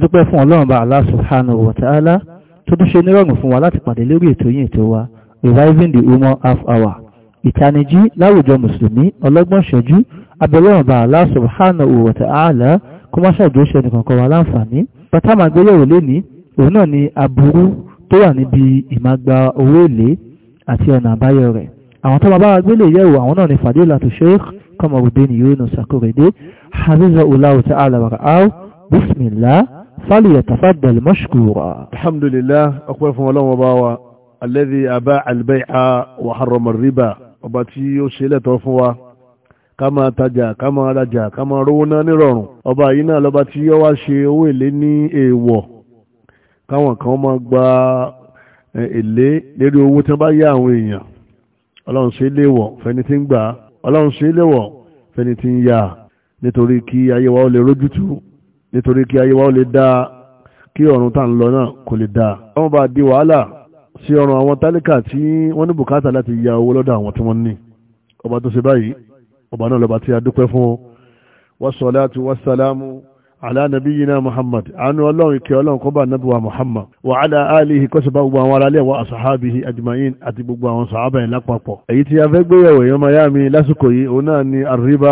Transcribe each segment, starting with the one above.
dúpẹ́ fún ọlọ́run bá Allah subhanahu wa ta'ala tó tún ṣe nírọ̀rùn fún wa láti pàdé lórí ètò yìí ètò wa reviving the human half hour ìtanijí láwùjọ mùsùlùmí ọlọ́gbọ́n ṣẹ́jú abẹ́lọ́run bá Allah subhanahu wa ta'ala kó má ṣàjọ ṣe nìkankan wa láǹfààní bàtà máa gbéyẹ̀wò lénìí òun náà ni aburú tó wà níbi ìmágba owó èlé àti ọ̀nà àbáyọ rẹ̀ àwọn tó bàbá gbélé yẹ̀wò àwọn náà ni fadilatu sheikh Kamaruddin Yunus Akorede hafizahullahu ta'ala wa ra'ahu bismillah falyatafaddal mashkura. alhamdulillah ọpẹ́ fún ọlọ́run ọba wa alladhi aba'a al-bay'a wa harrama ar-riba ọba tí ó ṣe lẹ́tọ̀ọ́ fún wa ká máa tajà ká máa rajà ká máa rówó náà nírọ̀rùn ọba yìí náà lọ́ba tí ó wá ṣe owó èlé ní èèwọ̀ káwọn kan máa gba eh, èlé lérí owó tí wọ́n bá yá àwọn èèyàn ọlọ́run ṣe léwọ̀ fẹni tí ń gbà ọlọ́run ṣe léwọ̀ fẹni tí ń yà nítorí kí ayé wa ó lè rójútu nítorí kí ayé wa ó lè dáa kí ọ̀run tá lọ náà kò lè dáa. wọ́n bá di wàhálà sí ọrùn àwọn tálíkà tí wọ́n ní bùkátà láti ya owó lọ́dọ̀ àwọn tí wọ́n ní ọba tó ṣe báyìí ọba náà lọ́ba tí a dúpẹ́ fún wa salatu wa salamu ala nabiyina muhammad anu ọlọ́run ìkẹ́ ọlọ́run kó bá nabuwa muhammad wa ala alihi kọ́sọ̀ bá gbogbo àwọn aráalé wa asahabihi ajma'in àti gbogbo àwọn sahaba yìí lápapọ̀ èyí tí a fẹ́ gbéyàwó èèyàn miami lásìkò yìí òun náà ni àríbá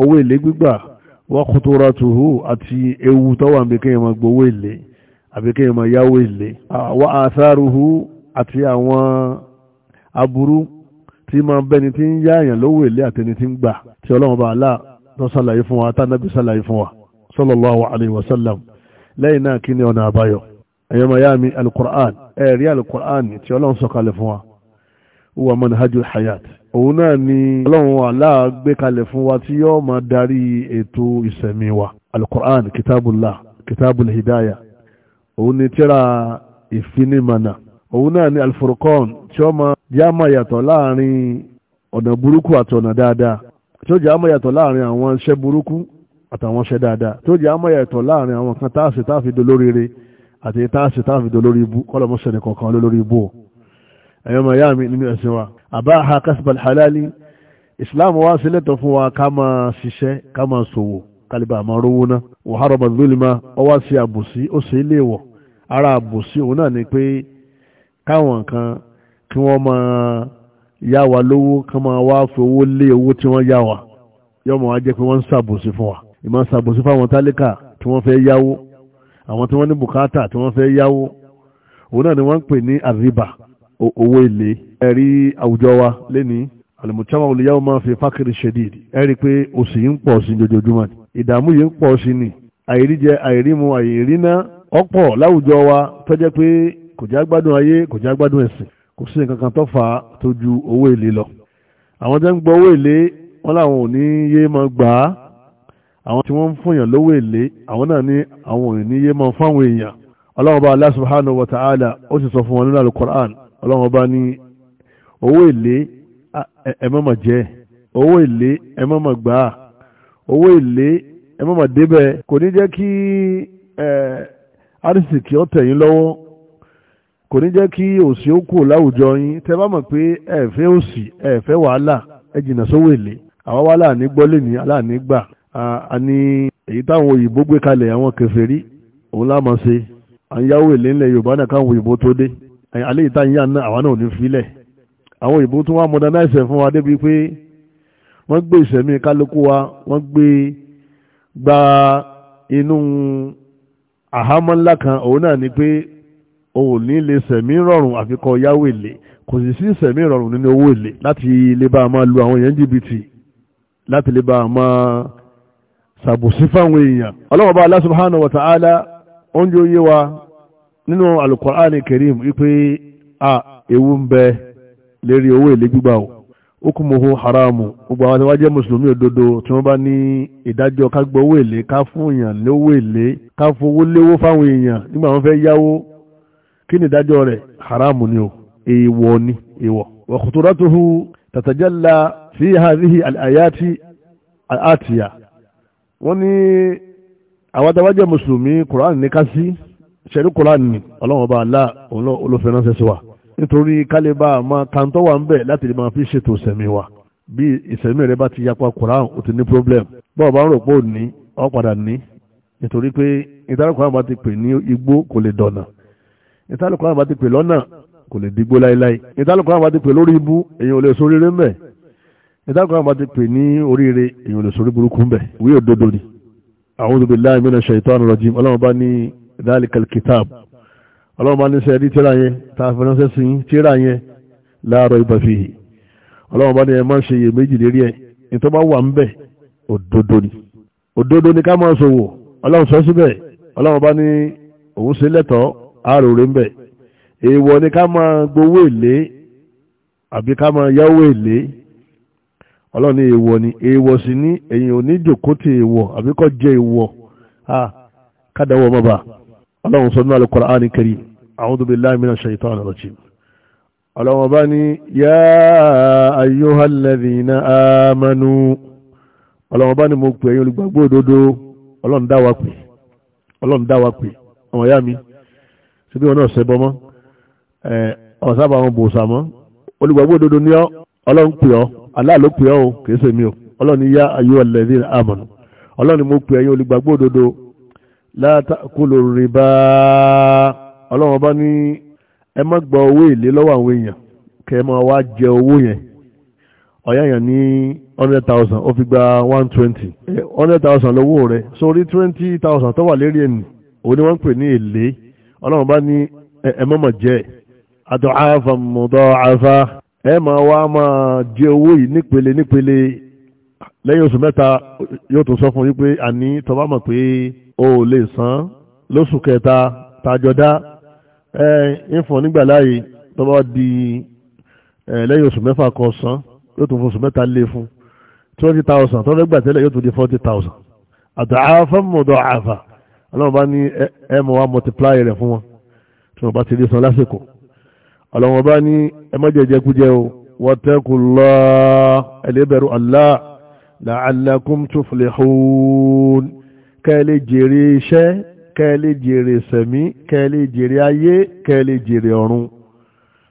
owó èlé gbígbà wa khuturatuhu àti ewu tó wà bí kéèyàn máa gbowó èlé àbí kéèyàn máa yáwó èlé wa atharuhu àti àwọn aburú tí máa bẹni tí ń yáàyàn lówó èlé àtẹni tí ń gbà tí ọlọ́run bá aláà tó sàlàyé fún wa tá sallallahu alayhi wa sallam lẹ́yìn náà kí ni ọ̀nà àbáyọ ẹ̀yọ́ mayami alukur'an ẹ̀rí alukur'an tí ọlọ́run sọ̀kalẹ̀ fún wa wà manhajul hayat òun náà ni ọlọ́run aláàgbé kalẹ̀ fún wa tí yóò máa darí ètò ìsẹ̀mí wa alukur'an kitabullah kitabul hidaya òun ni tíra ìfinimana òun náà ni alfurqan tí ó máa jẹ́ àmà yàtọ̀ láàrin ọ̀nà burúkú àti ọ̀nà dáadáa tí ó jẹ́ àmà yàtọ̀ láàrin àwọn iṣẹ́ burúkú àtàwọn ṣẹ́ dáadáa tó jẹ́ àmọ́ ẹ̀tọ́ láàrin àwọn kan táàsì táàfi dolórí re àti táàsì táàfi dolórí ibú kọ́lọ̀mọ́sẹ̀ ní kọ̀ọ̀kan lólórí ibú o ẹ̀yọ́ ma yá mi nínú ẹ̀sìn wa àbáha kasbal halali islam wa sílẹ̀ tó fún wa ká máa ṣiṣẹ́ ká máa ṣòwò kálíbà máa rówó ná wa haraba zulma ọ wá sí àbòsí ó sì ilé wọ̀ ara àbòsí òun náà ni pé káwọn kan kí wọ́n máa yá wa lówó kán máa wá fi lé owó tí wọ́n yá wa yọ́mọ̀ wá jẹ́ pé wọ́n ń ṣàbòsí fún wa ìmọ̀ ṣàbòsí fáwọn tálíkà tí wọ́n fẹ́ yáwó àwọn tí wọ́n ní bùkátà tí wọ́n fẹ́ yáwó òun náà ni wọ́n ń pè ní àríbà owó èlé ẹ̀rí àwùjọ wa lénìí àlùmùtsáwà olùyàwó máa fi fákìrì ṣedìdì ẹ̀rí pé òṣì yìí ń pọ̀ sí jojoojúmọ́ ni ìdààmú yìí ń pọ̀ sí ni àìríjẹ àìrímu àìríná ọ̀pọ̀ láwùjọ wa tó jẹ́ pé kò já gbádùn ayé kò já gbádùn ẹ̀sìn kò sí nǹkan kan tó fà á tó ju owó èlé lọ àwọn tó ń gbọ́ owó èlé wọn làwọn ò ní yé máa gbà á àwọn tí wọ́n ń fòyàn lówó èlé àwọn náà ní àwọn òníyé máa fáwọn èèyàn ọlọ́run ọba Allah subhanahu wa ta'ala ó sì sọ fún wọn nínú alukoran ọlọ́run ọba ní owó èlé ẹ má mà jẹ owó èlé ẹ má mà gbà owó èlé ẹ má mà débẹ̀ kò ní jẹ́ kí arísìkí ó tẹ̀ yín lọ́wọ́ kò ní jẹ́ kí òsì ó kù láwùjọ yín tẹ́ bá mọ̀ pé ẹ òsì ẹ wàhálà ẹ sówó èlé àwa wà láàní gbọ́ ní aláàní gbà a ní èyí táwọn òyìnbó gbé kalẹ̀ àwọn kèfèrí òun láàmà ṣe àyáwó èlé ńlẹ̀ yorùbá náà káwọn òyìnbó tó dé alẹ́ ìta ìyá náà àwọn náà ò ní filẹ̀ àwọn òyìnbó tún wá modernize fún wa débi pé wọ́n gbé ìṣẹ̀mí kálukú wa wọ́n gbé gba inú àhámọ́ ńlá kan òun náà ni pé òun ní lè ṣẹ̀mí rọrùn àfikọ́ yáwó èlé kò sì sí ṣẹ̀mí rọrùn nínú owó èlé láti lè bá a máa lu àwọn èèyàn jìbìtì láti lè bá a máa sàbòsí fáwọn èèyàn ọlọ́wọ́ba Allah subhanahu wa ta'ala oúnjẹ oyé wa nínú alukur'ani karim wípé a ewu ń bẹ lérí owó èlé gbígbà o okùnmọ̀hó haramu gbogbo àwọn àtiwájẹ́ mùsùlùmí òdodo tí wọ́n bá ní ìdájọ́ ká gbọ́ owó èlé ká fún èèyàn lówó èlé ká fowó léwó fáwọn èèyàn nígbà wọn fẹ́ yáwó kí ni ìdájọ́ rẹ̀ haramu ni o èèwọ̀ ni èèwọ̀ wa khuturatuhu tatajalla fi hadhihi al-ayati al wọ́n ní àwọn adáwájẹ́ mùsùlùmí kùránì ní kásí ṣẹ̀rí kùránì ọlọ́run ọba àlá olófin ránṣẹ́ sí wa nítorí kálíbà máa kàńtọ́ wà ń bẹ̀ láti lè máa fi ṣètò ìsẹ̀mí wa bí ìsẹ̀mí rẹ bá ti yapa kùránì ó ti ní problem bọ́ọ̀ bá ń rò pé ò ní ọ padà ní nítorí pé ìtàlùkọ́ àwọn bá ti pè ní igbó kò lè dọ̀nà ìtàlùkọ́ àwọn bá ti pè lọ́nà kò lè digbó láéláé ìtàlùkọ́ bá ti pè lórí ibú èèyàn ò lè sórí rẹ́ mẹ́ ìdákan àbá ti pè ní oríire èyàn lè sórí burúkú ń bẹ̀ wí òdodo ni a'udhu billahi minash shaitanir rajim ọlọ́run bá ní dhalikal kitab ọlọ́run bá ní sẹ́ rí tíra yẹn tá a fi ránṣẹ́ sí tíra yẹn la rayba fihi ọlọ́run bá ní ẹ má ṣe iye méjì lérí ẹ̀ ní tó bá wà ń bẹ̀ òdodo ni òdodo ni ká máa ṣòwò ọlọ́run ọlọ́run ní èèwọ̀ ni èèwọ̀ sì ní èyàn ò ní jòkó tí èèwọ̀ àbí kọ́ jẹ́ èèwọ̀ a kádàwọ̀ mọ́ba ọlọ́run sọ nínú Al-Qur'ani Karim a'udhu billahi minash shaitani rajim ọlọ́run bá ní yá ayyuhal ladhina amanu ọlọ́run bá ní mo pè ẹ̀yin olùgbàgbọ́ òdodo ọlọ́run dá wa pè ọlọ́run dá pè ọlọ́run pè ọ́ Allah ló pè ọ́ o kìí ṣe mi o ọlọ́run ní yá ayé ọ̀lẹ́dín àmọ̀nù ọlọ́run ni mo pè ẹ̀yin olùgbàgbọ́ òdodo látàkùlò rìbá ọlọ́run bá ní ẹ má gba owó èlé lọ́wọ́ àwọn èèyàn kẹ́ ẹ máa wá jẹ owó yẹn ọ̀yá èèyàn ní hundred thousand ó fi gba one twenty eh, hundred thousand lọ́wọ́ rẹ̀ sórí twenty thousand tó wà lérí ẹ̀nì òun ni wọ́n ń pè ní èlé ọlọ́run bá ní ẹ má mà jẹ́ àtọ̀ àfàmùdọ̀ àfà ẹ máa wá máa jẹ owó yìí nípele nípele lẹ́yìn oṣù mẹ́ta yóò tó sọ fún yín pé àní tó bá mọ̀ pé o ò lè san lóṣù kẹta tàjọdá ẹ ń fún nígbà láàyè tó bá di ẹ lẹ́yìn oṣù mẹ́fà kan san yóò tó fún oṣù mẹ́ta lé fún twenty thousand tó fẹ́ gbà tẹ́lẹ̀ yóò tó di forty thousand àtàáfà mọ̀dọ̀ àfà ọlọ́run bá ní ẹ mọ̀ wá multiply rẹ̀ fún wọn tí wọ́n bá ti lè san lásìkò ọlọ́wọ́n bá ní ẹmọ́jẹ̀jẹkújẹ o wattaqullah ẹlẹ́bẹ̀rù Allah la'allakum tuflihun kẹ́lẹ́ jèrè iṣẹ́ kẹ́lẹ́ jèrè sẹ̀mí kẹ́lẹ́ jèrè ayé kẹ́lẹ́ jèrè ọ̀run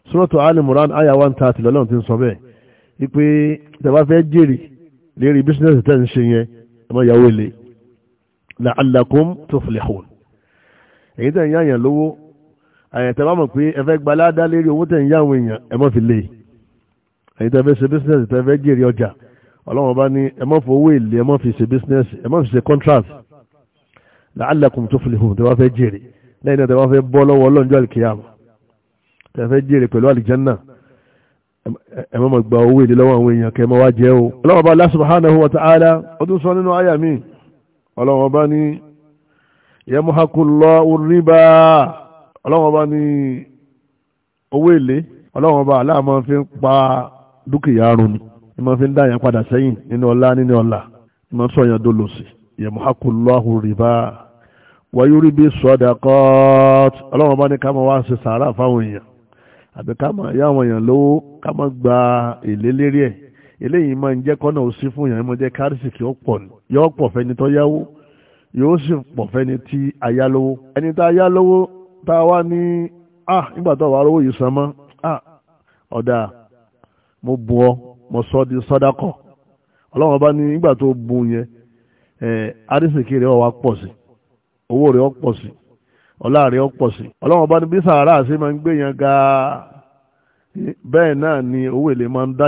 suratu alimuran aya 130 lọ́lọ́run ti ń sọ bẹ́ẹ̀ wípé tẹ̀wá fẹ́ jèrè lérí bísínẹ́sì tẹ́ ń ṣe yẹn ẹmọ ìyàwó ilé la'allakum tuflihun èyí tẹ̀ ń yáyàn lówó àyẹ̀tẹ̀ bá mọ̀ pé ẹ fẹ́ gba ládá lérí owó tẹ̀ ń yá àwọn èèyàn ẹ mọ́ fi lé ẹ̀yin tẹ́ fẹ́ ṣe bísínẹ́sì tẹ́ fẹ́ jèrè ọjà ọlọ́run bá ní ẹ mọ́ fowó èlé ẹ mọ́ fi ṣe bísínẹ́sì ẹ mọ́ fi ṣe contract la'allakum tuflihun tẹ́ wá fẹ́ jèrè lẹ́yìn náà tẹ́ wá fẹ́ bọ́ lọ́wọ́ ọlọ́njọ́ àlìkìyàmù tẹ́ fẹ́ jèrè pẹ̀lú ọlọ́run ọba ní owó èlé ọlọ́run ọba aláàmọ fi ń pa dúkìá run ni ni mo fi ń dá yẹn padà sẹ́yìn nínú ọlá nínú ọlà ni mo sọ yẹn dolòsì yẹmuhakulahu riba wayúrí bí sọdakọt ọlọ́run ọba ní ká máa wá ṣe sàárà fáwọn èèyàn àbí ká máa yá àwọn èèyàn lówó ká máa gba èlé lérí ẹ̀ eléyìí máa ń jẹ́ kọ́nà òsì fún èèyàn mo jẹ́ kárìsì kí ó pọ̀ yọ pọ̀ fẹ́ni tó yáwó yóò sì pọ̀ fẹ́ni tí ayálówó ẹni tá ayálówó tá wa ní ah nígbà tó wà á yìí ah, bu ọ mo sọ di sọdakọ ọlọ́run bá ní nígbà tó bu yẹn arísìkí rẹ̀ wá pọ̀ sí owó sí ọlá sí bá ní bí sàárà máa ń gbé yẹn ga bẹ́ẹ̀ náà ni owó èlé máa ń dá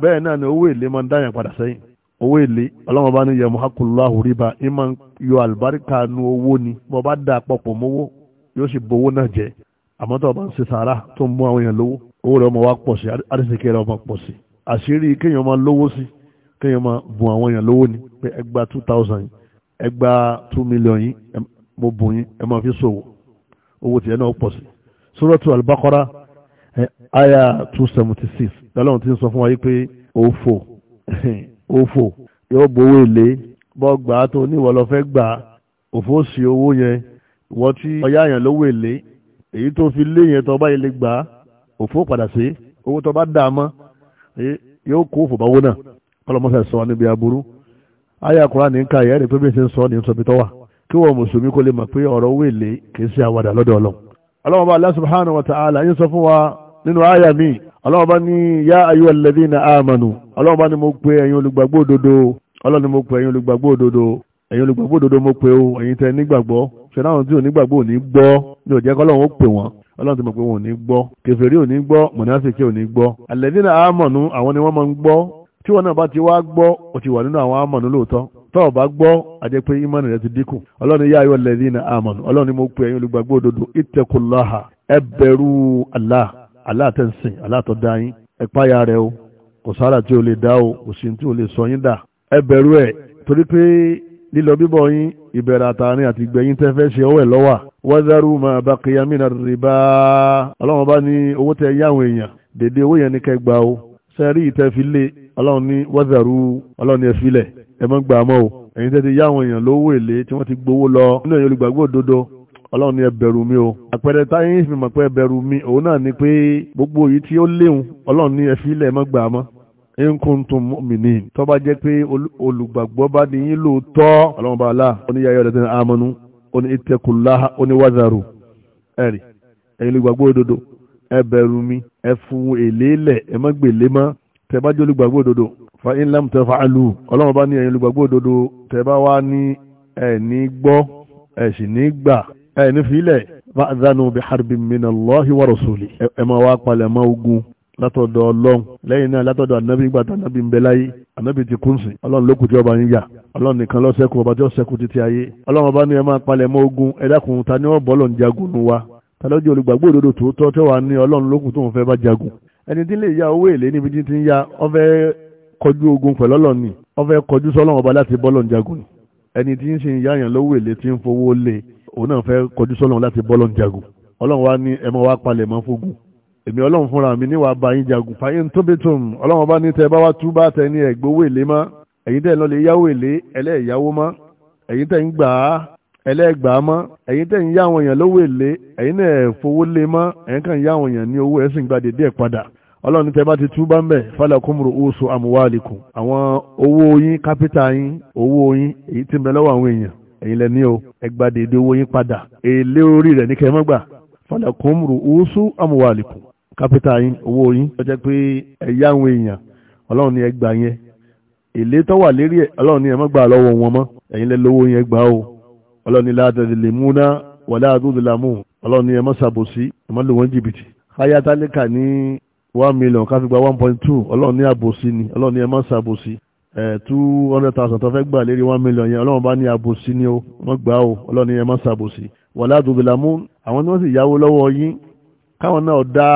bẹ́ẹ̀ náà ni owó èlé máa ń dá owó èlé ọlọ́wọ́n bá ní yẹmu hakulahu riba ìmọ̀ yọ àlùbáríkà nu owó ni bọ́ bá dà pọ̀pọ̀ mówó yóò sì bowó náà jẹ àmọ́ tó o bá ń ṣe sàárà tó ń mú àwọn èèyàn lówó owó rẹ̀ ọmọ wa pọ̀ sí àdìsíkè rẹ̀ ọmọ pọ̀ sí àṣírí kéèyàn máa lówó sí kéèyàn máa bùn àwọn èèyàn lówó ni pé ẹgbà two thousand yìí ẹgbà two million yìí mo bùn yín ẹ máa fi ṣòwò owó tiẹ̀ náà pọ̀ sí. Suratu Al-Baqara two seventy six lọ́lọ́run ti ń sọ fún wa yìí pé òfò òfò yóò gbowó èlé bọ́ gbà á tó níwọ̀ lọ fẹ́ gbà òfò sí owó yẹn ìwọ tí ọyá yẹn lówó èlé èyí tó fi lé yẹn tó bá yẹn lè gbà òfò padà sí owó tó bá dà á mọ́ yóò kó òfò báwo náà kọlọmọsẹ sọ níbi aburú ayé akura ní nǹka yẹn ni pé bí ṣe ń sọ ní sọbi kí wọ́n mùsùlùmí kó nínú àyà mi ọlọ́run bá ní yá ayú ẹlẹ́dí ní àmànù ọlọ́run bá ní mo pe ẹ̀yin olùgbàgbọ́ òdodo ọlọ́run ní mo pe ẹ̀yin olùgbàgbọ́ òdodo ẹ̀yin olùgbàgbọ́ òdodo mo pe o ẹ̀yin tẹ́ nígbàgbọ́ ṣẹlẹ́ àwọn tí ò nígbàgbọ́ ò ní gbọ́ ní òjẹ́ kọ́lọ́run ó pè wọ́n ọlọ́run ti mọ̀ pé wọn ò ní gbọ́ kèfèrí ò ní gbọ́ mọ̀nàfíkì ò ní gbọ́ ẹlẹ́dí ní àmànù àwọn ni wọ́n máa ń gbọ́ tí wọn náà bá ti wá gbọ́ ò ti wà nínú ti dínkù ọlọ́run yá ayọ̀ lẹ́dí ní àmànù ọlọ́run ni mo pe ẹ̀yin olùgbàgbọ́ òdodo ìtẹ̀kùláhà ẹ bẹ̀rù Allah aláàtẹ̀sìn aláàtọ̀dá yín ẹ̀páyà rẹ̀ o kò sára tí o lè dá o kò sí tí o lè sọ yín dà ẹ bẹ̀rù ẹ̀ torí pé lílọ bíbọ̀ yín ìbẹ̀rẹ̀ àtàrin àti ìgbẹ̀yìn tẹ́ fẹ́ ṣe ọwọ́ ẹ̀ lọ́wà wọ́dàrú máa bá kìyàmínà rìbá ọlọ́run bá ní owó tẹ yáwọn èèyàn dèdè owó yẹn ní kẹgbà o sẹ́rí ìtẹ́ fi lé ọlọ́run ní wọ́dàrú ọlọ́run ẹ filẹ̀ ẹ mọ́ gbà o ẹ̀yin tẹ́ ti yáwọn èèyàn lówó èlé tí wọ́n ti gbowó lọ nínú ẹ̀yin olùgbàgbọ́ òdodo ọlọ́run ní ẹ bẹ̀rù mi o àpẹẹrẹ táyé fi mọ̀ pé ẹ bẹ̀rù mi òun náà ni pé gbogbo yìí tí ó léwu ọlọ́run ní ẹ fi ilẹ̀ mọ́ gbà á mọ́ in kuntum mu'minin jẹ́ pé olùgbàgbọ́ bá ní yín lóòótọ́ ọlọ́run bá la ó ní yayọ ọ̀dọ̀ tẹ́lẹ̀ amanu ó ní ittaqullaha ó ní wazaru ẹ̀rì ẹ̀yin olùgbàgbọ́ òdodo ẹ bẹ̀rù mi ẹ fún èlé lẹ̀ ẹ má gbèlé mọ́ tẹ́ jẹ́ olùgbàgbọ́ òdodo fa in lam taf'alu ọlọ́run bá ní ẹ̀yin olùgbàgbọ́ òdodo tẹ́ bá wá ní ẹ̀ ní gbọ́ ẹ̀ sì ní gbà ẹ̀ ní filẹ̀ fa'zanu bi harbin minallahi wa rasuli ẹ̀ máa wá palẹ̀ mọ́ ogun látọ̀dọ̀ ọlọ́run lẹ́yìn náà látọ̀dọ̀ ànábì gbàtà ànábì ń bẹ láyé ànábì ti kún sí ọlọ́run lókù tí ọba yín yà ọlọ́run nìkan lọ́sẹ̀kù ọba tí ó sẹ́kù títí ayé ọlọ́run ọba ní ẹ máa palẹ̀ mọ́ ogun ẹ dákun ta ní ọ̀bọ̀ ọlọ́run jagun nu wa tàlọ́jọ́ olùgbàgbọ́ òdodo tòótọ́ tí wàá ní ọlọ́run lókù tó ń fẹ́ bá jagun ẹni tí lè ya owó èlé níbi tí ń ya ó òun náà fẹ́ kọjú sọ́lọ́run láti bọ́ lọ́n jagun ọlọ́run wá ní ẹ máa wá palẹ̀ mọ́ fógun èmi ọlọ́run fúnra mi níwà bá yín jagun fàyè ń tóbi tó m ọlọ́run bá ní tẹ bá wá tú bá tẹ ní ẹ̀gbówó èlé má ẹ̀yin tẹ̀ lọ́lẹ̀ yáwó èlé ẹlẹ́ẹ̀yáwó má ẹ̀yin tẹ̀ ń gbà á ẹlẹ́gbàá má ẹ̀yin tẹ̀ ń yá àwọn èèyàn lówó èlé ẹ̀yin náà fowó lé má ẹ̀yin kàn yá àwọn èèyàn ní owó ẹ̀sìn gbàdé díẹ̀ padà ọlọ́run tẹ bá ti tú bá ń bẹ̀ falakumru usu amwalikum àwọn owó yín kápítà yín owó yín èyí tí bẹ lọ́wọ́ àwọn èèyàn ẹ̀yin lẹ́ni o ẹgbà dédé owó yín padà èlé orí rẹ̀ ní kẹmọ́gbà falakum ru'usu amwalikum kápítà yín owó yín ó jẹ́ pé ẹ̀yà àwọn èèyàn ọlọ́run ní ẹgbà yẹn èlé tó wà lérí ẹ̀ ọlọ́run ní ẹmọ́gbà lọ́wọ́ wọn mọ́ ẹ̀yin lẹ́ lówó yín ẹgbà o ọlọ́run ní látàdìlẹ́múná wàlá àdúdìlámù ọlọ́run ní ẹmọ́ sàbòsí ẹmọ́ lò wọ́n jìbìtì háyá tálíkà ní one million ká one point two ọlọ́run ní àbòsí ni ọlọ́run ní ẹmọ́ sàbòsí Eh, two hundred thousand tó fẹ́ gbà lérí one million yẹn ọlọ́run bá ní àbòsí ni ó wọ́n gbà ó ọlọ́run ní ẹ má ṣàbòsí wàlá dùbìlámù àwọn tí wọ́n sì yáwó lọ́wọ́ yín káwọn náà dá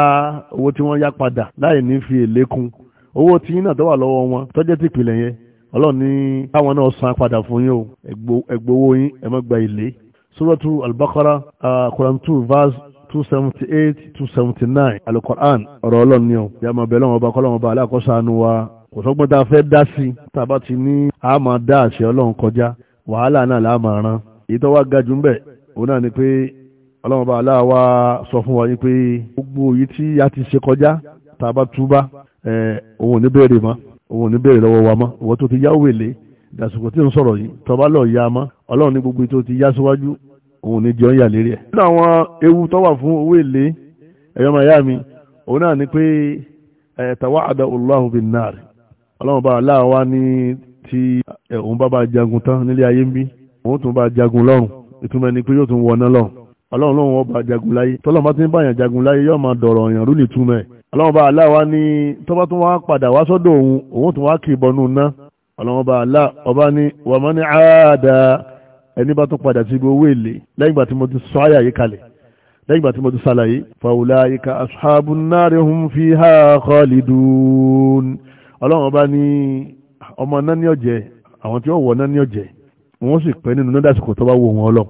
owó tí wọ́n yá padà láì ní fi èlé kún owó tí yín náà tó wà lọ́wọ́ wọn tọ́jẹ́ ti pìlẹ̀ yẹn ọlọ́run ní káwọn náà san padà fún yín o ẹgbowó yín ẹ má gba èlé. suratu al-Baqara quran two verse two seventy eight two seventy nine alukoran ọ̀rọ̀ ọlọ́run ni o yàrá ọba ọlọ́run ọba aláàkọ́sánú wa kò sọ́gbọ́n tá a fẹ́ dá sí tá a bá ti ní a máa dá àṣẹ ọlọ́run kọjá wàhálà náà là máa ran èyí tó wá ń bẹ̀ òun náà ni pé ọlọ́run bá aláà sọ fún wa yín pé gbogbo èyí tí a ti ṣe kọjá tá a bá òun ò ní béèrè mọ́ òun ò ní béèrè lọ́wọ́ wa mọ́ ìwọ tó ti yá wèlé dàsìkò tí ń sọ̀rọ̀ yìí tó lọ ya mọ́ ọlọ́run ní gbogbo tó ti yá síwájú òun ní jẹun yà lérí ẹ̀. nínú àwọn ewu tó wà fún owó èlé ẹ̀yọ́ màyá mi òun náà ni pé tawa'ada Allahu bin nar ọlọ́run bá aláà wá ní tí òun bá bá jagun tán nílé ayé ń bí òun tún bá jagun lọ́run ìtumọ̀ ni pé yóò tún wọná lọ́run ọlọ́run lóun wọ́n bá jagun láyé tọ́lọ́run bá ti ń báyàn jagun láyé yóò máa dọ̀rọ̀ ọ̀yàn rú nìtumọ̀ ẹ̀ ọlọ́run bá aláà wá ní tó bá tún wá padà wá sọ́dọ̀ òun òun tún wá kì í bọnú ná ọlọ́run bá aláà ọba ní wàmọ́ ní àádá ẹni bá tún padà sí owó ọlọ́run bá ní ọmọ náà ní ọ̀jẹ̀ àwọn tí ó wọ̀ náà ní ọ̀jẹ̀ wọ́n sì pẹ́ nínú náà dásìkò tó bá wò wọ́n lọ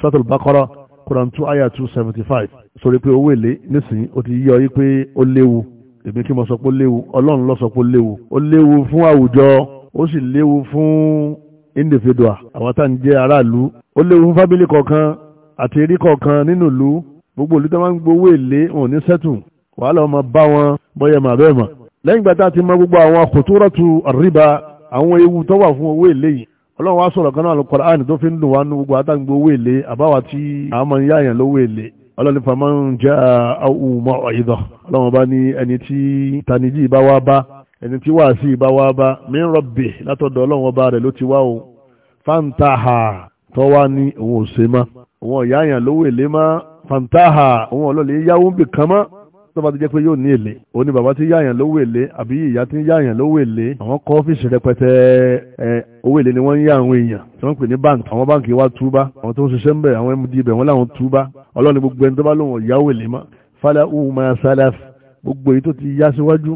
sọ́tò bákọ́rọ́ Quran two ayah two seventy five sori pé owó èlé nísìnyí ó ti yọ yí pé ó léwu èmi kí mo sọ pé ó léwu ọlọ́run ló sọ pé ó léwu ó léwu fún àwùjọ ó sì léwu fún individual àwọn tá à ń jẹ́ aráàlú ó léwu fún fábílì kọ̀ọ̀kan àti erí kọ̀ọ̀kan nínú ìlú gbogbo olùdó máa ń èlé wọn ò ní sẹ́tù wàhálà wọn máa bá wọn bọ́yẹ̀ màbẹ́ẹ̀ mọ̀ lẹ́yìn gbàtà ti mọ gbogbo àwọn kòtòrọ́tù àríba àwọn ewu tó wà fún owó èlé yìí ọlọ́run wá sọ̀rọ̀ kan náà Al-Qur'an tó fi ń dùn wá nú gbogbo àtàgbò owó èlé àbáwá tí a máa ń yáyàn lówó èlé ọlọ́run faman ja'ahu maw'idah ọlọ́run bá ní ẹni tí taniji bá wá bá ẹni tí wàásì bá wá bá min rabbi látọ̀dọ̀ ọlọ́run ọba rẹ̀ ló ti wá o fantaha tó tó bá ti jẹ́ pé yóò ní èlé ó ní bàbá tí yáàyàn lówó èlé àbí ìyá tí yáàyàn lówó èlé àwọn kọ́ ọ́fíìsì rẹpẹtẹ ẹ owó èlé ni wọ́n ń yá àwọn èèyàn tí wọ́n ń pè ní báǹkì àwọn báǹkì wa túbá àwọn tó ń ṣiṣẹ́ ń bẹ̀ àwọn md ibẹ̀ wọ́n láwọn túbá ọlọ́run gbogbo ẹni tó bá lóun ọ̀yáwó èlé má fálá uhu máa sálá gbogbo èyí tó ti yá síwájú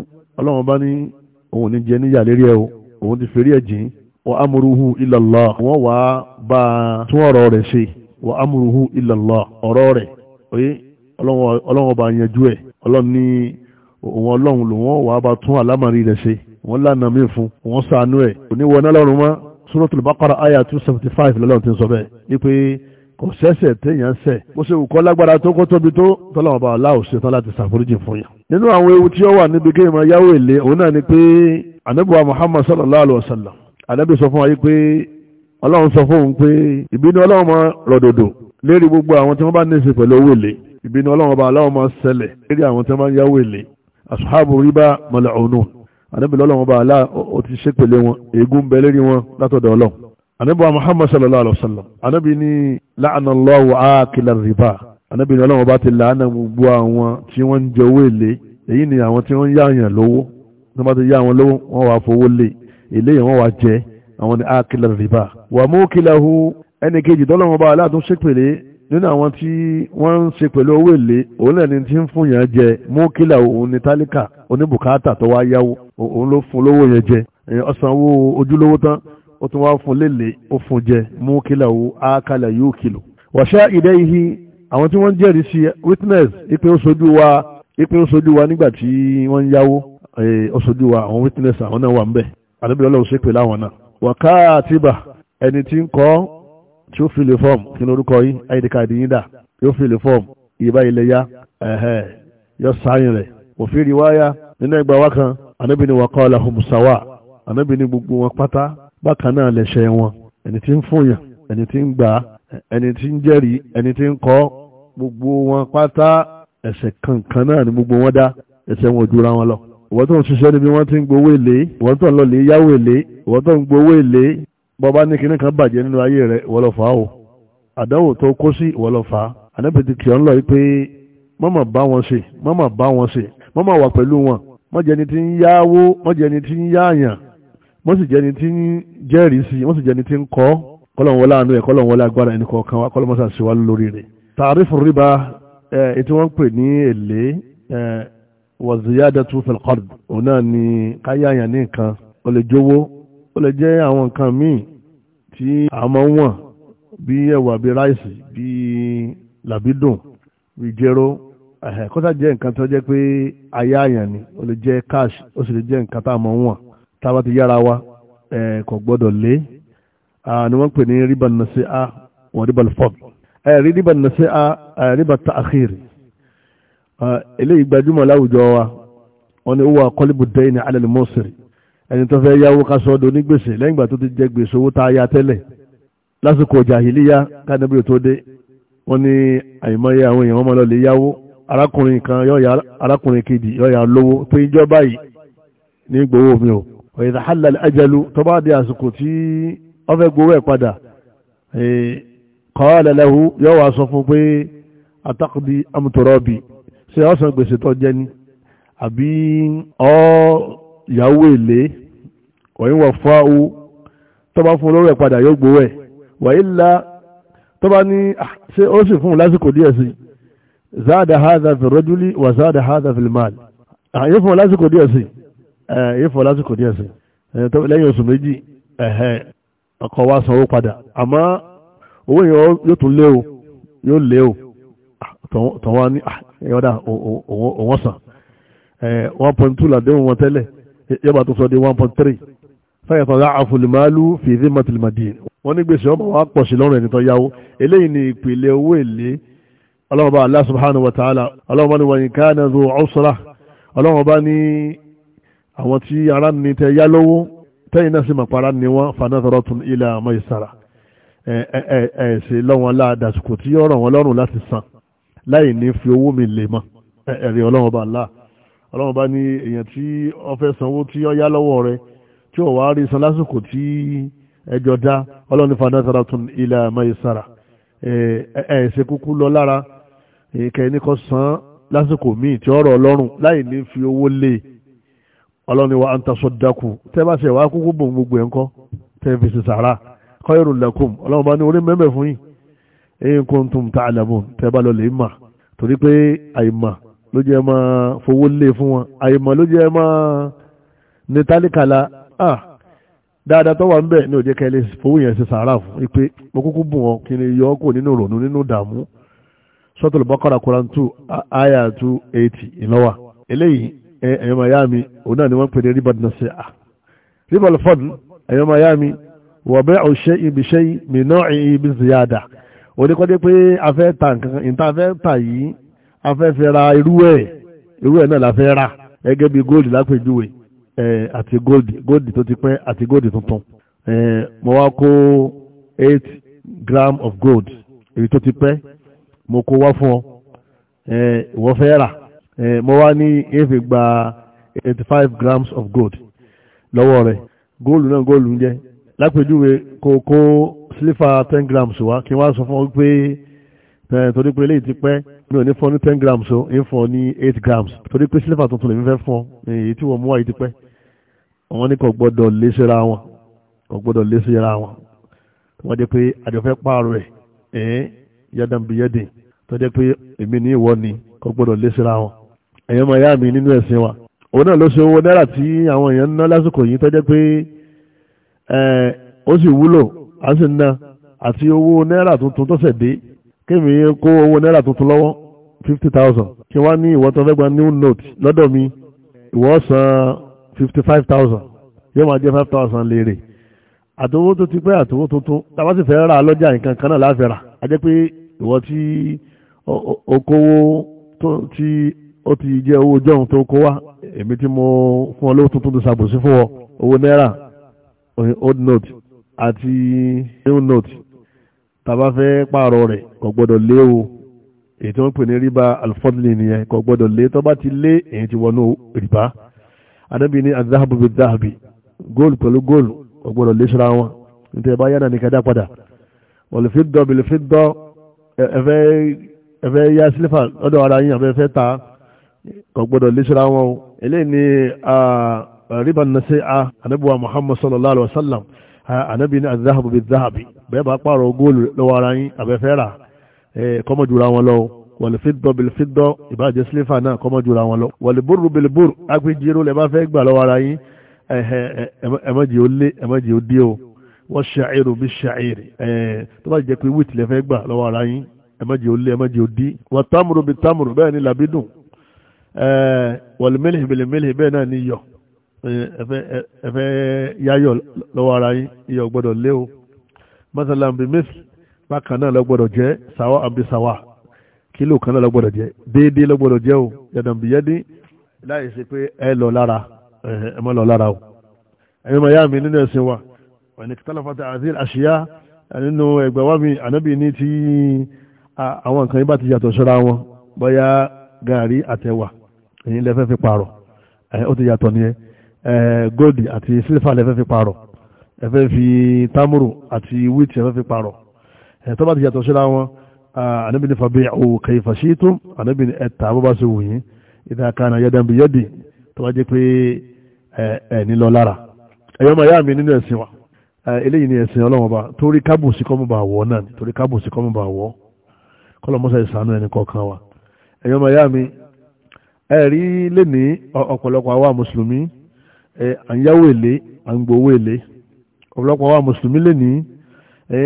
ọlọ́run ọba yanjú ẹ̀ ọlọ́run ní òun ọlọ́run lòun wàá bá tún àlámàrí rẹ̀ ṣe wọ́n lánàá mí fún wọ́n sànú ẹ̀ oníwọ̀n ọlọ́run mọ́ Suratul àyà two seventy five lọ́lọ́run ti ń sọ bẹ́ẹ̀ ni pé kò sẹ́sẹ̀ téèyàn sẹ̀ bó ṣe kọ́ lágbára tó kó tóbi tó tọ́lọ́run bá aláwò ṣetán láti ṣàforíjì fún yàn. nínú àwọn ewu tí ó wà níbi kéèmọ̀ yáwó èlé òun náà ni pé anábìwá Muhammad sallallahu alayhi wa sallam anábì sọ fún wa yìí pé ọlọ́run sọ fún òun pé ìbínú ọlọ́run máa rọ̀dọ̀dọ̀ lérí gbogbo àwọn tí wọ́n bá ní í ṣe pẹ̀lú owó èlé ìbínú ọlọ́run ọba aláwọ̀ máa ṣẹlẹ̀ lérí àwọn tí wọ́n máa ń yáwó èlé asuhabu riba mal'unun ànábì ọlọ́run ọba alá ó ti ṣe pèlè wọn ègún bẹ lérí wọn látọ̀dọ̀ ọlọ́run ànábì muhammad sallallahu alayhi wa sallam ànábì ní la'anallahu akila riba ànábì ọlọ́run ọba ti làánà gbogbo àwọn tí wọ́n ń jẹ owó èlé èyí ni àwọn tí wọ́n ń yáàyàn lówó tí wọ́n bá yá àwọn lówó ẹnì kejì tọ́lọ́run ọba alá nínú àwọn tí wọ́n ń ṣe pẹ̀lú owó èlé òun lẹ́ni tí ń fún yàn jẹ mú kílà òun ní tálíkà oníbùkátà tó wá yáwó òun ló fún lówó yẹn jẹ ọ̀sánwó ojúlówó tán ó tún wá fún lélẹ̀ ó fún jẹ mú òun ákàlà yóò kìlò. wàṣà ìdẹ́ ihi àwọn tí wọ́n jẹ́rìí sí witness ipe ó wa ipe ó wa nígbà tí wọ́n ń yáwó ó sojú wa àwọn witness àwọn náà wà ń bẹ̀ àdébíyọ́lọ́ tí ó fìlè fọ́ọ̀mù kí ni orúkọ yìí id card yín dà yóò fìlè fọ́ọ̀mù ìyẹ̀bá ilẹ̀ ya ẹ̀hẹ́ yọ sáyìn rẹ̀ òfin riwaya nínú ẹgbàá wa kan anábì ni wàkọ́ ọ̀la humusawa anábì ni gbogbo wọn pátá bákan náà lẹ̀ṣẹ̀ wọn ẹni tí ń fòyàn ẹni tí ń gbà ẹni tí ń jẹ́rìí ẹni tí ń kọ́ gbogbo wọn pátá ẹ̀ṣẹ̀ kankan náà ni gbogbo wọn dá ẹ̀ṣẹ̀ wọn ò jura wọn lọ ìwọ́n tó ń ṣiṣẹ́ níbi wọ́n ti ń gbowó èlé ìwọ́n tó ń lọ lè yáwó èlé ìwọ́n tó ń gbowó èlé bọ́ba ní kinní kan bàjẹ́ nínú ayé rẹ̀ ìwọ ló fà á o àdánwò tó kó sí ìwọ ló fà á ànábìtì kì ọ́ ń lọ yìí pé mọ́mọ́ bá wọn ṣe mọ́mọ́ bá wọn ṣe mọ́mọ́ wà pẹ̀lú wọn mọ́jẹni tí ń yáwó mọ́jẹni tí ń yáàyàn mọ́sìjẹni tí ń jẹ́rìí sí mọ́sìjẹni tí ń kọ́ kọ́lọ̀ wọlé àánú ẹ̀ kọ́lọ̀ wọlé agbára ẹnì kọ̀ọ̀kan wa kọ́lọ̀ mọ́sà sí wa lórí rẹ̀. tààrífù rìbá ètò wọn pè ní èlé wàzíyádàtú fil qard òun náà ni káyáàyàn ní nǹkan ó lè jówó ó lè jẹ́ àwọn nǹkan míì tí àmọ́ wọ̀n bí ẹ̀wà bí ráìsì bí làbídùn bí jẹ́rọ kọ́tà jẹ́ nǹkan tó jẹ́ pé ayé àyàn ni ó lè jẹ́ cash ó sì lè jẹ́ nǹkan tá àmọ́ wọ̀n tá a bá ti yára wa kò gbọ́dọ̀ lé ni wọ́n pè ní riba nasi a wọ́n riba fọ́ọ̀d riba nasi a riba ta'khir eléyìí gbajúmọ̀ láwùjọ wa wọ́n ní ó wà kọ́líbù dẹ́yìn ní alẹ́ lè mọ́sẹ̀rì ẹni tó fẹ́ yáwó ká sọ́dọ̀ ní gbèsè lẹ́yìn ìgbà tó ti jẹ gbèsè owó tá a ya tẹ́lẹ̀ lásìkò jàhìlíyà kánẹ́bí tó dé wọ́n ní àìmọye àwọn èèyàn ọmọ lọ́lẹ̀ yáwó arákùnrin kan yọ́ya arákùnrin kejì yọ́ya lówó pé ìjọba yìí ní gbowó mi ò ọ̀yẹ̀dà halal ajalu tó bá dé àsìkò tí wọ́n fẹ́ gbowó ẹ̀ padà qala lahu yọ́wà sọ ni àbí ọ́ yàwó wọ̀nyí wọ̀ fáwú tó bá fún olóró ẹ̀ padà yóò gbowó ẹ̀ wọ̀nyí la tó bá ní ṣe ó sì fún un lásìkò díẹ̀ sí záàdà hádà fìrọ́júlì wà záàdà hádà fìlìmáàlì àyè fún un lásìkò díẹ̀ sí àyè fún un lásìkò díẹ̀ sí lẹ́yìn oṣù méjì ọkọ̀ wa sanwó padà àmọ́ owó yẹn yóò tún lé yóò lé o ní ẹ̀yọ́dà òwọ́sàn one point two làdéhùn wọn tẹ́lẹ̀ yọba tó sọ di one point three fẹ́yàtọ̀ yáàfù lìmọ́lú fi zimmatil madin wọ́n ní gbèsè ọmọ wa pọ̀ sí lọ́rùn ẹni tó yáwó eléyìí ni ìpìlẹ̀ owó èlé ọlọ́mọba Allah subhanahu wa ta'ala ọlọ́mọba ni wọ̀nyí kana zu ọlọ́mọba ni àwọn tí ara ní tẹ yá lówó tẹ́yìn náà sì màpara ni wọ́n fanatharatun ọlọ́mọba ni èèyàn tí ó fẹ́ sanwó tí ó yá lọ́wọ́ rẹ̀ tí ó wá rí san lásìkò tí ẹjọ́ dá ọlọ́run ní fanásara tún ilẹ̀ àmọ́yẹsára ẹ̀ẹ́sẹ̀ kúkú lọ lára kẹ́ni kọ́ san lásìkò míì tí ọ̀rọ̀ ọlọ́run láì ní fi owó bá lakum ọlọ́run bá ní orí mẹ́mẹ́ fún yín in kuntum ta'lamun tẹ́ bá lọ lè mà torí pé àìmà ló jẹ́ máa fowó lé fún wọn àìmà ló jẹ́ máa ní tálíkàlà ah dáadáa tó wà ń bẹ̀ ní òjẹ́ kẹ́lẹ́ fowó yẹn ṣe sàárà fún ipe mo kúkú bù wọn kí ni yọ ọ́ kò nínú ìrònú nínú ìdààmú sọ́tòlù bọ́kọ́ra koran two aya two eighty ìlọ́wà eléyìí ẹ̀yọ́ mayami òun náà ni wọ́n ń pè ní ribad nasi'a ribal fadl ẹ̀yọ́ mayami wọ̀ bẹ́ẹ̀ ọ̀ṣẹ́ ibiṣẹ́ mìíràn ẹ̀yìn ibi ziyada oníkọ́dé pé afẹ́ ta nǹkan ìta afẹ́ ta yìí afẹ́ fẹ́ ra irú ẹ̀ irú ẹ̀ náà la fẹ́ ra gẹ́gẹ́ bí góòlù lápèjúwe àti gold gold tó ti pẹ́ àti gold tuntun mo wá kó eight gram of gold èyí tó ti pẹ́ mo kó wá fún ọ ìwọ fẹ́ rà mo wá ní efe gba eighty five grams of gold lọ́wọ́ rẹ̀ góòlù náà góòlù ń jẹ́ lápèjúwe kó kó sílífà ten grams wá kí wọ́n á sọ fún ọ pé Eh, torí pé eléyìí ti pẹ́ mi ò ní fọ́ ní ten grams o ń fọ́ ní eight grams torí pé sílẹ̀fà tuntun lèmi fẹ́ fọ́ èyí tí wọ́n mú wáyé ti pẹ́ àwọn ní kò gbọ́dọ̀ lé síra wọn kò gbọ́dọ̀ lé síra wọn wọ́n jẹ́ pé àjọfẹ́ pààrọ̀ ẹ̀ ẹ̀ẹ́n yádàmbíyẹ́dìn tó jẹ́ pé èmi ní ìwọ ni kò gbọ́dọ̀ lé síra wọn ẹ̀yọ́ máa yá mi nínú ẹ̀sìn wa òun náà ló ṣe owó náírà tí àwọn èèyàn ná lásìkò yìí tó jẹ́ pé eh, ó sì wúlò á sì ná àti owó náírà tuntun tó ṣẹ̀ dé kémi kó owó náírà tuntun lọ́wọ́ fifty thousand kí wá ní ìwọ tó fẹ́ gba new note lọ́dọ̀ mi ìwọ san fifty five thousand yóò máa jẹ́ five thousand léèrè àtòwó tó ti pẹ́ àtòwó tuntun tàbá sì fẹ́ rà lọ́jà nǹkan kan náà láfẹ́ rà á jẹ́ pé ìwọ tí okòwò tí ó ti jẹ́ owó jọ̀hún tó kó wá èmi tí mo fún ọ lówó tuntun tó ṣàbòsí fún ọ owó náírà old note àti new note tàbá fẹ́ pààrọ̀ rẹ̀ kò gbọ́dọ̀ lé o èyí tí wọ́n pè ní ríbá alfọ́dúnlé nìyẹn kò gbọ́dọ̀ lé tó bá ti lé èyí tí wọnú rìbá anábì ní azahabu bi zahabi góòlù pẹ̀lú góòlù kò gbọ́dọ̀ lé ṣọ́ra wọn nítorí bá yánà nìkan dá padà wọ́n lè fi dọ́ bìlẹ̀ fi dọ́ ẹ̀fẹ́ yá sílífà lọ́dọ̀ ara yín àbẹ́ fẹ́ ta kò gbọ́dọ̀ lé ṣọ́ra wọn o eléyìí ni ríbá nasi'a anábì wa muhammad sallallahu alaihi wa sallam ànábì ní azahabu bíi zahabi bẹ́ẹ̀ bá pààrọ̀ góòlù lọ́wọ́ ara yín abẹ́fẹ́ rà kọ́mọ̀jura wọn lọ wọ̀lẹ̀ fídọ́ bíi fídọ́ ìbàjẹ́ sílífà náà kọ́mọ̀jura wọn lọ wọ̀lẹ̀ bóru bíi bóru agbẹ́jìrò lẹ́ bá fẹ́ gbà lọ́wọ́ ara yín ẹ̀mọ́jì ó lé ẹ̀mọ́jì ó dé o wọ́n ṣàìrò bí ṣàìrì tó bá jẹ́ pé wíìtì lẹ́ fẹ́ gbà lọ́wọ́ ara yín ẹ̀mọ́jì ó ẹ̀mọ́jì ẹ̀fẹ́ yáyọ̀ lọ́wọ́ ara yín iyọ̀ gbọ́dọ̀ lé o masalam bi mis bákan náà lọ́gbọ́dọ̀ jẹ́ sawa àbí sawa kílò kan náà lọ́gbọ́dọ̀ jẹ́ déédéé lọ́gbọ́dọ̀ jẹ́ o yàtọ̀ bí yẹ́dí láì ṣe pé ẹ lọ lára ẹ mọ́ lọ lára o ẹ̀yin máa yá mi nínú ẹ̀sìn wa ẹ̀ni kìtàlọ́fàtà àti àṣìyá nínú ẹgbẹ́ wa mi ànábì ní ti àwọn nǹkan yìí bá ti yàtọ̀ sọ́ra wọn bóyá gàárì àtẹwà ẹ̀yin lẹ́fẹ́ fi pààrọ̀ ó ti yàtọ̀ nìyẹn góòdì àti sílífà lẹ́fẹ́ fi parọ̀ ẹ̀fẹ́ fi támúrù àti wíìtì ẹ̀fẹ́ fi parọ̀ ẹ̀tọ́ bá ti yàtọ̀ síra wọn ànábì ní fàbí ò kẹfà sí tó ànábì ní ẹ̀ta bó bá ṣe wù yín ìdá kan yẹ́dàn bí yẹ́dì tó bá jẹ́ pé ẹ̀ nílọ lára ẹ̀yọ́ máa yá mi nínú ẹ̀sìn wa eléyìí ni ẹ̀sìn ọlọ́wọ́n bá torí kábùsí kọ́mù bá wọ̀ náà torí kábùsí kọ́mù bá wọ̀ kọ́lọ́mọ́sá ìsànú ẹni kọ̀ọ̀kan wa ẹ̀yọ́ máa yá mi ẹ̀rí lè ọ̀pọ̀lọpọ̀ àwa mùsùlùmí à ń yáwó èlé à ń gbowó èlé ọ̀pọ̀lọpọ̀ àwa mùsùlùmí lè ní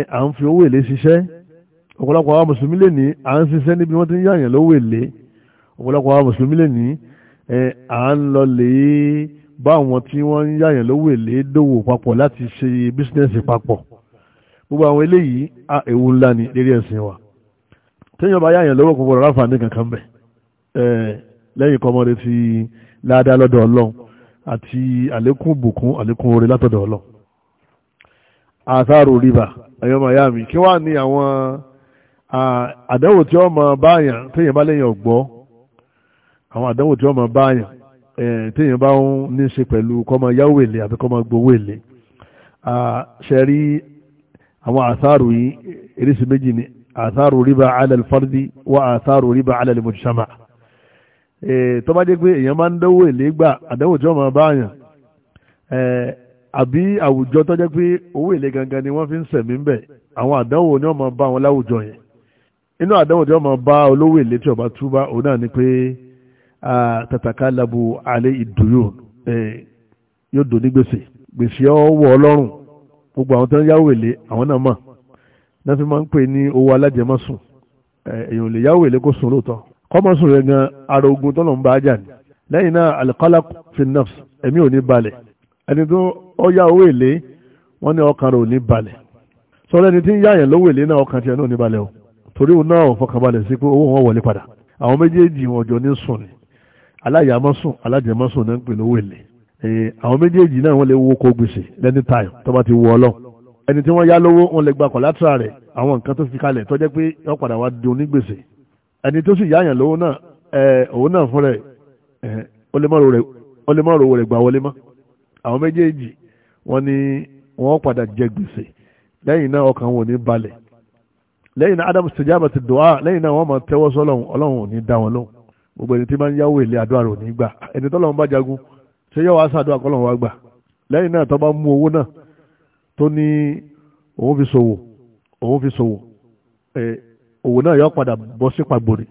à ń fi owó èlé ṣiṣẹ́ ọ̀pọ̀lọpọ̀ àwa mùsùlùmí lè ní à ń ṣiṣẹ́ níbi wọ́n ti ń yàyàn lówó èlé ọ̀pọ̀lọpọ̀ àwa mùsùlùmí lè ní à ń lọ lè bá àwọn tí wọ́n ń yàyàn lówó èlé dòwò papọ̀ láti ṣe bísínẹ́sì papọ̀ gbogbo àwọn eléyìí à ewu ńlá ni lérí ẹ̀sìn wa téèyàn bá yàyàn lówó kò gbọdọ̀ ráfà kankan bẹ̀ lẹ́yìn kọ́mọdé ti ládàá lọ́dọ̀ ọlọ́run àti àlékún bùkún àlékún oore látọ̀dọ̀ ọlọ́ àtàrò rìbà ẹ̀yọ́mọ̀ ìyá mi kí wá ní àwọn àdánwò tí ọmọ báyàn téèyàn bá lẹ́yìn ọ̀gbọ́ àwọn àdánwò tí ọmọ báyàn téèyàn bá ń ní ṣe pẹ̀lú kọ́mọ yáwó èlé àbí kọ́mọ gbowó èlé ṣe rí àwọn àtàrò yìí eréṣin méjì ni àtàrò rìbà alẹ́ fardi wà àtàrò rìbà alẹ́ mujtama' Eh, tó bá jẹ́ pé èèyàn máa ń dánwò èlé gbà àdánwò tí wọ́n máa bá àyàn eh, àbí àwùjọ tó jẹ́ pé owó èlé gangan ni wọ́n fi ń sẹ̀mí ń bẹ̀ àwọn àdánwò ni wọ́n máa bá wọn láwùjọ yẹn inú àdánwò tí wọ́n máa bá olówó èlé tí ọba túbá òun náà ni pé tàtàkà labu alẹ́ ìdúró yóò gbogbo àwọn tó ń yáwó àwọn náà mọ̀ náà fi máa ń pè ní owó alájẹmọ́sùn eh, èèyàn lè kọ́mọ̀sùn rẹ̀ gan ara ogun tọ́lọ̀ ń bá jà ní lẹ́yìn náà alqalaq fi nafs ẹ̀mí ò ní balẹ̀ ẹni tó ọ yá owó èlé wọ́n ní ọkàn rẹ̀ ò ní balẹ̀ sọ́rọ́ ẹni tí ń yáyàn lówó èlé náà ọkàn tiẹ̀ náà ò ní balẹ̀ o torí òun náà ò fọkàn balẹ̀ sí pé owó wọn wọlé padà àwọn méjèèjì wọn jọ ní sùn ni aláyàmọ́sùn alájẹmọ́sùn náà ń pè lówó èlé àwọn méjèèjì náà wọ́n lè wo kó gbèsè lẹ́ni táyọ̀ tó bá ti wọ ọlọ́ ẹni tí wọ́n yá lówó wọn lè gba kọ̀látà rẹ̀ àwọn nǹkan tó fi kalẹ̀ tó pé ó padà wá di onígbèsè ẹni tó sì yáyàn lówó náà òun náà fún rẹ̀ ó lè má rówó rẹ̀ gbà wọlé àwọn méjèèjì wọn ni wọn padà jẹ gbèsè lẹ́yìn náà ọkàn wọn ò ní balẹ̀ lẹ́yìn náà adamu sèjáàbà ti dùn á lẹ́yìn náà wọ́n máa ò ní gbogbo ẹni tí máa ń yáwó ní gbà ẹni òwò náà yọ padà bọ́ sí pàgbòrè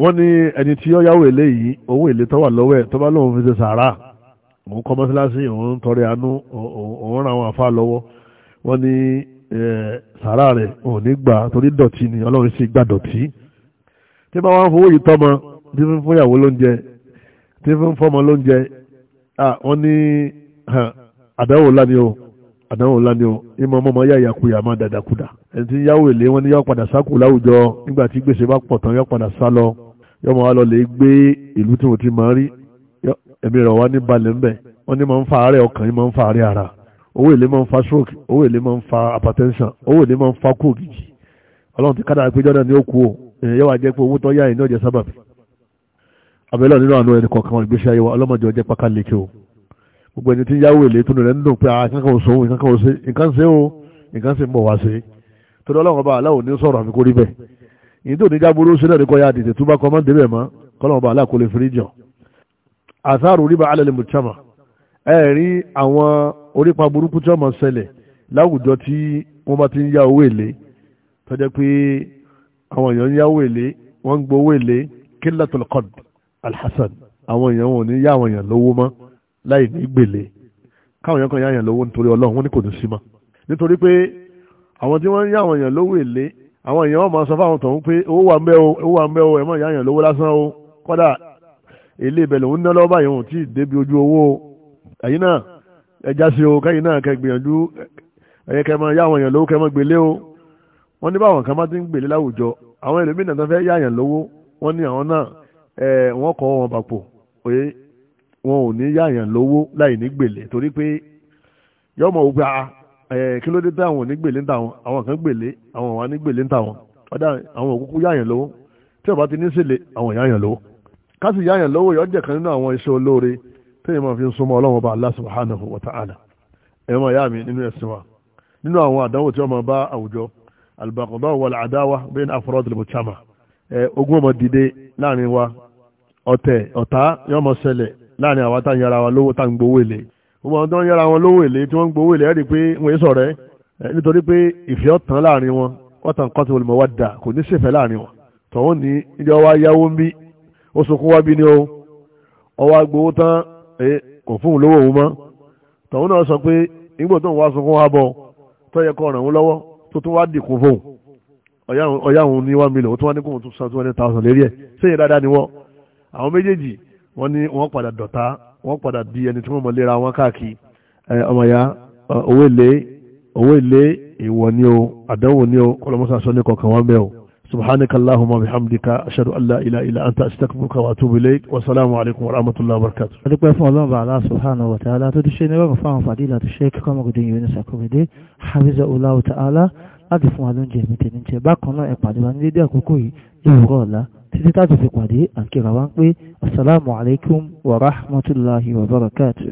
wọ́n ní ẹni tí yọ yáwó èlé yìí owó èlé tó wà lọ́wọ́ ẹ̀ tó bá lóun fi ṣe sàárà òun kọ́ mọ́sálásí òun tọrẹ àánú òun ra àwọn àfa lọ́wọ́ wọ́n ní sàárà rẹ̀ òun ní gbà torí dọ̀tí ni ọlọ́run sì gbà dọ̀tí tí bá wọn fowó yìí tọ́mọ tí fún fúnyàwó lóúnjẹ tí fún fọmọ lóúnjẹ wọ́n ní àdáwò lánìí o àdánwò ńlá ni o ìmọ̀ ọmọ ya ìyàkuyà máa dàdàkudà ẹni tí yáwó èlé wọn ni yáwó padà sákò láwùjọ nígbà tí gbèsè bá pọ̀ tán yáwó padà sá lọ yọmọ wa lọ lè gbé ìlú tí mo ti máa rí ẹ̀mí rẹ̀ wá ní balẹ̀ ńbẹ̀ wọ́n ní máa ń fa àárẹ̀ ọkàn yìí máa ń fa àárẹ̀ ara owó èlé máa ń fa stroke owó èlé máa ń fa hypertension owó èlé máa ń fa kú ògìjì ọlọ́run ti kádà àpéjọ náà ní ó kú o èèyàn yóò jẹ́ pé owó tó gbogbo ẹni tí yáwó èlé tónú rẹ̀ ń dùn pé akẹ́kọ̀ọ́ sóhun ìkẹ́kọ̀ọ́ sí nǹkan ṣe o nǹkan sì ń bọ̀ wá sí torí ọlọ́run ọba aláwọ̀ ní sọ̀rọ̀ àmì rí bẹ́ẹ̀ ìyí tó níjà burú sílẹ̀ ní kọ́yà dìde tó bá kọ́ mọ́ndé bẹ̀ mọ́ kọ́lọ́run ọba aláà kò lè firi jọ. àtàrò rí bá alẹ́ lè mú tíọ́mà ẹ rí àwọn orípa burúkú tíọ́mà ṣẹlẹ̀ láwùjọ tí wọ́n bá ti ń yá owó èlé tó láì ní gbèlè káwọn èèyàn kan yá èèyàn lówó nítorí ọlọ́run wọn ní kò ní sí mọ́ nítorí pé àwọn tí wọ́n ń yá àwọn èèyàn lówó èlé àwọn èèyàn wọn máa sọ fáwọn tọ̀hún pé owó wà ń bẹ o owó wà ń bẹ o ẹ̀ mọ̀ yá èèyàn lówó lásán o kọ́dà èlé ibẹ̀ lòún ná lọ́wọ́ báyìí wọn tí débi ojú owó ẹ̀yin náà ẹja sí o kẹ́yìn náà kẹ́ gbìyànjú ẹ̀yẹ kẹ́ máa yá èèyàn lówó kẹ́ máa gbélé o wọ́n ní báwọn kan bá ti ń gbèlé láwùjọ àwọn ẹlòmíràn tó fẹ́ yá lówó wọ́n ní àwọn náà ẹ̀ wọ́n kọ́ wọn bàpò òye wọn ò ní yáyàn lówó láì ní gbèlè torí pé yọmọ ògbà ah, kí ló dé tẹ àwọn ò ní gbèlè ń tàwọn àwọn kan gbèlè àwọn ò wá ní gbèlè ń tàwọn ọ̀dà àwọn òkúkú yáyàn lówó tí ọba ti ní sílẹ̀ àwọn yáyàn lówó kásì yáyàn lówó yọ jẹ́ kan nínú àwọn iṣẹ́ olóore tẹ́yìn máa fi ń súnmọ́ ọlọ́run ọba Allah subhanahu wa ta'ala ẹ̀yọ́ máa yá mi nínú ẹ̀sìn wa nínú àwọn àdánwò tí wọ́n máa bá àwùjọ albaqada wal adawa bayna afrad al-mujtama ogun láàrin àwọn tá ń yára wọn lówó tá ń gbowó èlé gbogbo àwọn tó ń yára wọn lówó èlé tí wọ́n ń gbowó èlé ẹ̀rí pé wọ́n yé sọ̀rọ̀ ẹ̀ nítorí pé ìfẹ́ ọ̀tàn láàrin wọn ọ̀tàn kan ti wọlé mọ̀ wá dà kò ní ṣèfẹ́ láàrin wọn tọ̀hún ní ìjọ wa yáwó ń bí ó sunkún wá bí ni o ọwọ́ agbowó tán kò fún un lówó òun mọ́ tọ̀hún náà sọ pé nígbà tó ń wá sunkún wá bọ̀ tó yẹ kó ràn wọ́n lọ́wọ́ tó tún wá dìkún fóun ọ̀yá òun ní one million ó tún wá ní kóun tún san wọ́n ní wọ́n padà dọ̀tá wọ́n padà di ẹni tí wọ́n mọ̀ léra wọn káàkiri ọmọ ya owó èlé owó èlé ìwọ ni o àdánwò ni o kọlọmọsá sọ ní kọkàn wọn bẹ́ẹ̀ o subhanaka allahumma bihamdika ashhadu an la ilaha anta astaghfiruka wa atubu ilayk wa salamu alaykum wa rahmatullahi wa barakatuh adúpẹ́ fún Ọlọ́run ba subhanahu wa ta'ala tó dise ni rogun fáwọn fadila to sheikh komo gudun yunus akomede hafiza ulahu ta'ala láti fún wa lóúnjẹ mi tẹ̀mí tẹ bákan náà ẹ pàdé wa ní dédé àkókò yìí lóòrọ̀ ọ̀la títí táàtò fi pàdé àkíra wá ń pé assalamu alaikum wa rahmatullahi wa barakatuh